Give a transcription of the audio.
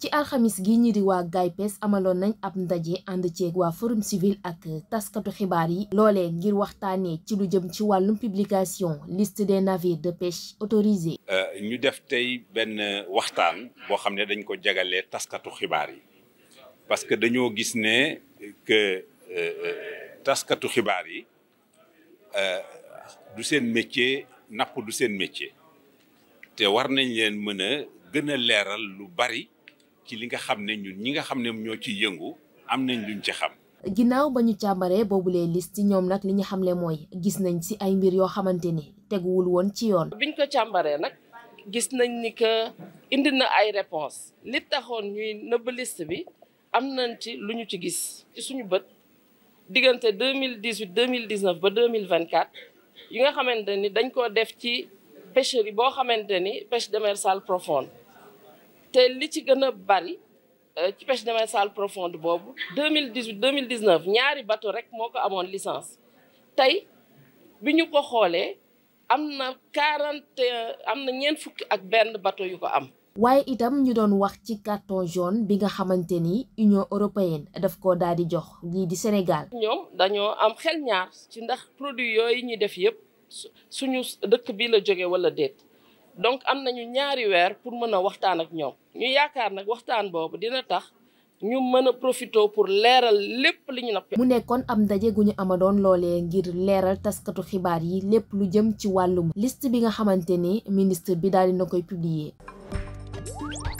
ci alxamis gi ñi di waa GAIPES amaloon nañ ab ndaje ànd ceeg waa forum civil ak taskatu xibaar yi loolee ngir waxtaanee ci lu jëm ci wàllum publication liste des navires de pêche autorisés. Euh, ñu def tey benn waxtaan boo xam ne dañ ko jagalee taskatu xibaar yi parce que dañoo gis ne que euh, euh, taskatu xibaar yi du seen métier napp du seen métier te war nañ leen mën a gën a leeral lu bari ci li nga xam ne ñu ñi nga xam ne ñoo ciy yëngu am nañ luñ ci xam. ginnaaw ba ñu càmbaree boobu boobulee ci ñoom nag li ñu ne mooy gis nañ si ay mbir yoo xamante ni teguwul woon ci yoon. biñ ko càmbaree nag gis nañ ni que indi na ay réponse li taxoon ñuy nëbb liste bi am nañ ci lu ñu ci gis ci suñu bët diggante deux mille dix huit mille ba vingt quatre yi nga xamante ni dañ koo def ci pêcherie boo xamante ni pêche démersale profonde te li ci gën a bari euh, ci pêche démersale profonde boobu deux mille dix huit deux mille dix neuf ñaari bateau rek moo ko amoon licence tey bi ñu ko xoolee am na quarante am na ñeent fukki ak benn bateau yu ko am waaye itam ñu doon wax ci carton jaune bi nga xamante ni Union européenne daf ko daal di jox lii di Sénégal. ñoom dañoo am xel ñaar ci ndax produit yooyu ñuy def yëpp suñu dëkk bi la jóge wala déet donc am nañu ñaari weer pour mën a waxtaan ak ñoom ñu yaakaar nag waxtaan boobu dina tax. ñu mën a profito pour leeral lépp li ñu napp mu nekkoon am ndaje gu ñu doon loolee ngir leeral taskatu xibaar yi lépp lu jëm ci wàllum liste bi nga xamante ni ministre bi daal dina koy publier. Thank you.